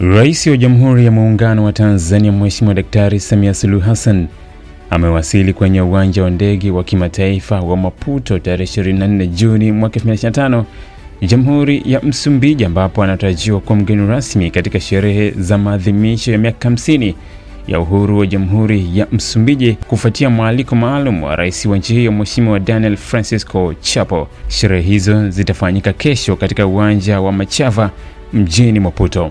Rais wa Jamhuri ya Muungano wa Tanzania Mheshimiwa Daktari Samia Suluhu Hassan amewasili kwenye uwanja wa ndege wa kimataifa wa Maputo tarehe 24 Juni mwaka 2025, Jamhuri ya Msumbiji, ambapo anatarajiwa kuwa mgeni rasmi katika sherehe za maadhimisho ya miaka 50 ya uhuru wa Jamhuri ya Msumbiji kufuatia mwaliko maalum wa rais wa nchi hiyo Mheshimiwa Daniel Francisco Chapo. Sherehe hizo zitafanyika kesho katika uwanja wa Machava mjini Maputo.